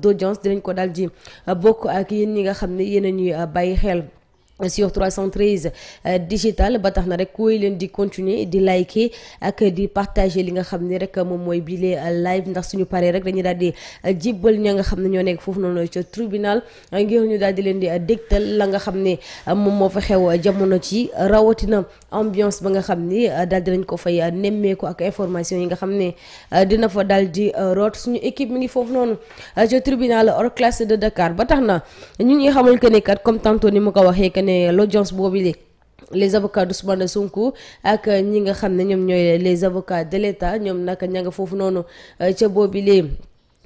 d'audience dinañ ko daal a bokk ak yéen ñi nga xam ni ne yéen a bàyyi xel sur 313 euh, digital ba tax na rek koy leen di continuer di liker ak di partager li nga xam ne rek moom mooy bile euh, live ndax suñu paree rek dañuy daal euh, jibbal ña nga xam ne ñoo nekk foofu noonu ca tribunal ngir ba nga xam ni daal di lañ ko fay nemmeeku ak information yi ne dina fa daal classe de Dakar ba tax na ñu ngi xamal que ne kat comme tantôt ni mu ko waxee ne l'audience boobu li les avocats d'Ousmane Sonko ak ñi nga xam ne ñoom ñooy les avocats de l'État ñoom nag ña nga foofu noonu euh, ca boobu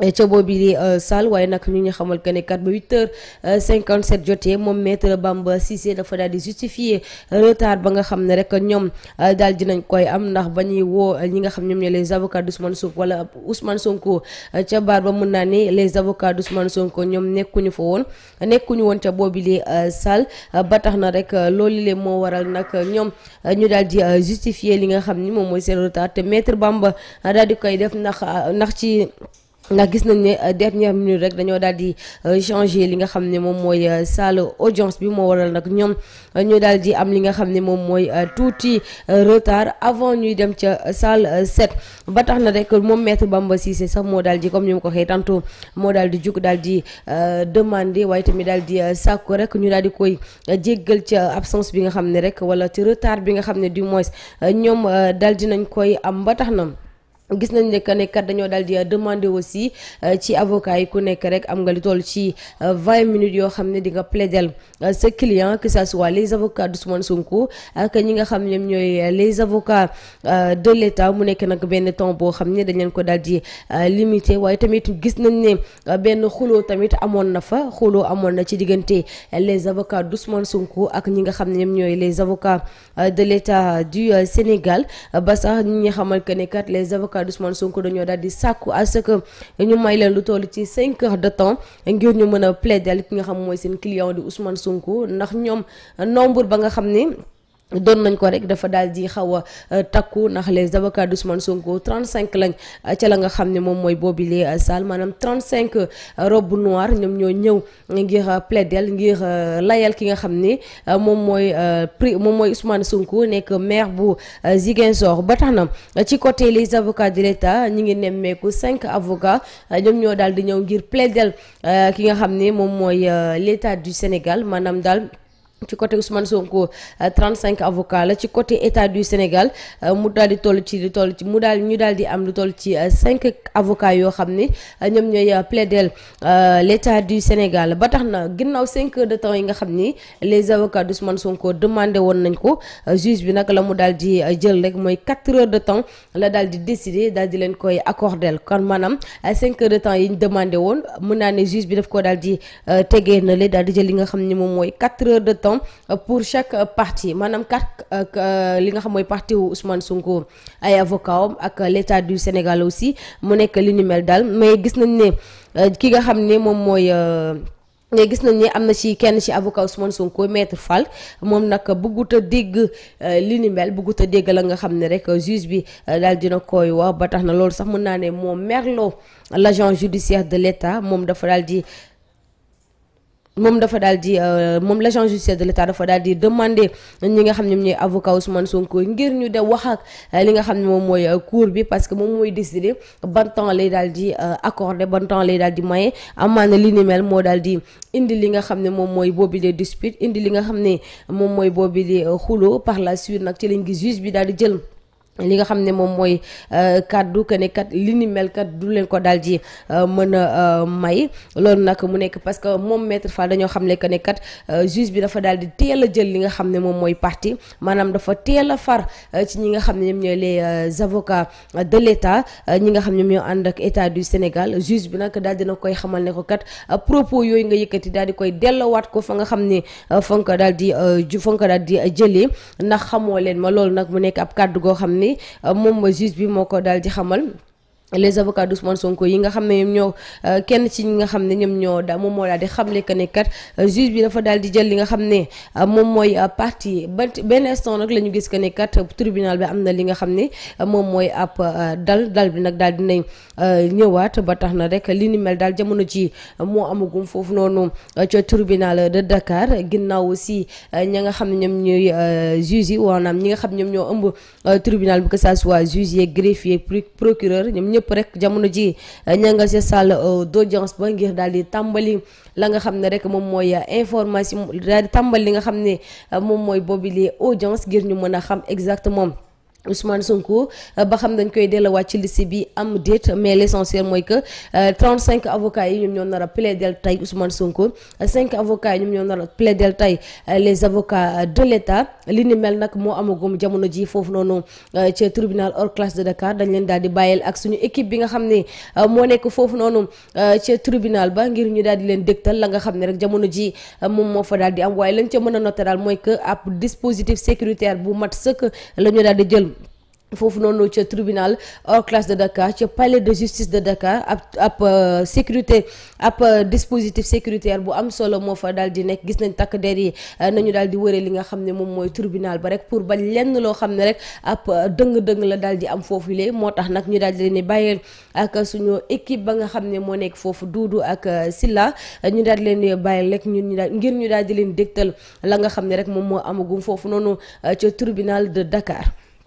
ca boobi li euh, Sall waaye nag ñu ñu xamal que ne kat ba 8h57 euh, jotee moom maître Bamba Cissé dafa daal di justifier euh, retard ba nga xam ne rek ñoom daal nañ koy am ndax ba ñuy woo ñi nga xam ñoom ne les avocats d'Ousmane Sonko wala Ousmane Sonko ca baar ba mun naa ni les avocats d'Ousmane Sonko ñoom nekkuñu fa woon nekkuñu woon ca boobi li Sall ba tax na rek loolu le moo waral nag ñoom ñu daal di justifier li nga xam ni moom mooy seen retard te maître Bamba daal di koy def ndax ndax ci. ndax gis nañ ne euh, dernière minute rek dañoo daal di euh, changer li nga xam ne moom mooy euh, salle audience bi moo waral nag ñoom ñoo daal di am li nga xam ne moom mooy tuuti retard avant ñuy dem ca salle 7 ba tax na rek moom maître Bamba Cissé sax moo daal di comme ni ma ko waxee tantôt moo daal di jug daal di waaye tamit daal di sàkku rek ñu daal di koy jéggal ca absence bi nga xam ne rek wala ci retard bi nga xam ne du moins ñoom daal di nañ koy am ba tax na. gis nañ ne que ne kat dañoo daal di euh, demander aussi euh, ci avocat yi ku nekk rek am nga lu toll ci euh, vingt minutes yoo xam ne di nga plaider sa client que ça soit les avocats d'Ousmane Sonko ak ñi nga xam ne ñooy les avocats de l'État mu nekk nag benn temps boo xam ne dañ leen ko daal di limité waaye tamit gis nañ ne benn xuloo tamit amoon na fa xuloo amoon na ci diggante les avocats d'Ousmane Sonko ak ñi nga xam ne ñooy les avocats de l'État du Sénégal ba sax ñi nga xamal que ne les avocats avocat d'Ousmane Sonko dañoo daal di sàkku à ce que ñu may leen lu toll ci cinq heures de temps ngir ñu mën a plaider ki nga xam mooy seen client di Ousmane sunk ndax ñoom nombre ba nga xam ni doon nañ ko rek dafa daal di xaw a euh, takku ndax les avocats d'Ousmane Sonko cinq lañ euh, ca la nga xam ne moom mooy boobile euh, salle trent cinq robe noire ñoom ñoo ñëw ngir plaidel ngir layal ki nga xam ni moom mooy prix moom mooy Ousmane Sonko nekk maire bu Ziguinchor ba tax na ci côté les avocats de l'État ñi ngi nemmeeku 5 avocats ñoom daal di ñëw ngir plaidel ki nga xam ne moom mooy l'État du Sénégal maanaam daal. ci côté Ousmane Sonko 35 euh, avocats la ci côté état du Sénégal euh, mu daal di toll ci lu toll ci mu daal ñu daal di am lu toll ci 5 euh, avocats yoo xam ni ñoom ñooy plaider l' état du Sénégal ba tax na ginnaaw 5 heures de temps yi nga xam ni les avocats d'Ousmane Sonko demandé woon ko bi nag la mu daal di jël rek mooy 4 heures de temps la daal di leen koy accordel kon maanaam 5 heures de temps yi ñu demandé woon mën naa ne juge bi daf ko daal di tegee na le daal di jël li nga xam ni moom mooy 4 heures de temps. millions euh, pour chaque euh, parti maanaam quatre euh, li nga xam mooy parti wu Ousmane Sonko ay avocats ak l'État du Sénégal aussi mu nekk li daal mais gis nañ ne ki nga xam ne moom mooy. mais gis nañ ne am na ci kenn ci avocat Ousmane Sonko maître Fall moom nag bëggut a dégg li ni mel a dégg la nga xam ne rek juge bi dal dina koy wax ba tax na loolu sax mën naa ne moom merloo l'agent judiciaire de l'État moom dafa daal di. moom dafa daal di euh, moom la agent judiciaire de l' état dafa daal di demander ñi nga xam ne ñooy avocat Ousmane Sonko ngir ñu de wax ak euh, li nga xam ne moom mooy euh, cour bi parce que moom mooy décider ban temps lay daal di accorder ban temps lay daal di maye amaana li ni moo daal di indi li nga xam ne moom mooy boobi de dispute indi li nga xam ne moom mooy boobi de xulo par la suite nag ci lañ gis juge bi daal di jël. li nga xam ne moom mooy euh, kaddu que ne kat li ni mel kat du leen ko daal di euh, mën a euh, may loolu nag mu nekk parce que moom maître Fall dañoo xam ne que ne kat juge bi dafa daal di teel a jël li nga xam ne moom mooy parti maanaam dafa teel a far ci ñi nga xam ne ñoom ñooy les avocats de l' état ñi nga xam ne ñoom ànd ak état du Sénégal juge bi nag daal dina koy xamal ne ko kat propos yooyu nga yëkkati daal di koy delloowaat ko fa nga xam ne fa daal di fa nga ko daal di jëlee ndax xamoo leen ma loolu nag mu nekk ab kàddu goo xam ne mi ma juge bi moo ko daal di xamal les avocats d'Ousmane Sonko yi nga xam ne ñoom ñoo euh, kenn ci ñi nga xam ne ñoom ñoo da moom moo daal di xamle euh, daal di jël li nga xam ne euh, moom mooy partie ba benn instant nag la ñu gis que ne kat tribunal bi am na li nga xam ne moom mooy ab dal dal bi nag daal di nañ ñëwaat ba tax na rek li ni daal jamono ji moo amagum foofu noonu ca tribunal de Dakar ginnaaw aussi ña nga xam ne ñoom ñooy juge yi waanaam ñi nga xam ñoom ñoo ëmb tribunal que ça soit juge yeeg greffier procureur ñoom ñëpp yëpp rek jamono ji eh, ña nga ca salle euh, d'audience ba ngir daal di tàmbali la nga xam ne rek moom mooy eh, information daal di tàmbali li nga xam ne eh, moom mooy boobi les audience ngir ñu mën a xam exactement Ousmane Sonko euh, ba xam dañ koy delluwaat ci liste bi am déet mais l' essentiel mooy que euh, cinq avocats yi ñoom ñoo nar a del tey Ousmane Sonko cinq avocats yi ñoom ñoo nar a del tey euh, les avocats de l' li ni mel nag moo amagum jamono ji foofu noonu ca tribunal hors classe de dañ leen daal di bàyyil ak suñu équipe bi nga xam ne moo nekk foofu noonu ca tribunal ba ngir ñu daal di leen dégtal la nga xam ne rek jamono ji moom moo fa daal di am waaye lañ ca mën a noter daal mooy que ab dispositif sécuritaire bu mat sëkk la ñu daal di jël. foofu noonu ca tribinal hors classe de Dakar ca palais de justice de Dakar ab ab euh, sécurité ab euh, dispositif sécuritaire bu am solo moo fa daal di nekk gis nañ takk der yi euh, nañu daal di wëree li nga xam ne moom mooy tribinal ba rek pour ba lenn loo xam ne rek ab dëng-dëng la daal di am foofu lee moo tax nag ñu daal di leen di bàyyeel ak suñu équipe ba nga xam ne moo nekk foofu Duudu ak Silla ñu daal leen di bàyyeel ñun ñu daal ngir ñu daal di leen dégtal la nga xam ne rek moom moo amagum foofu noonu ca tribinal de Dakar.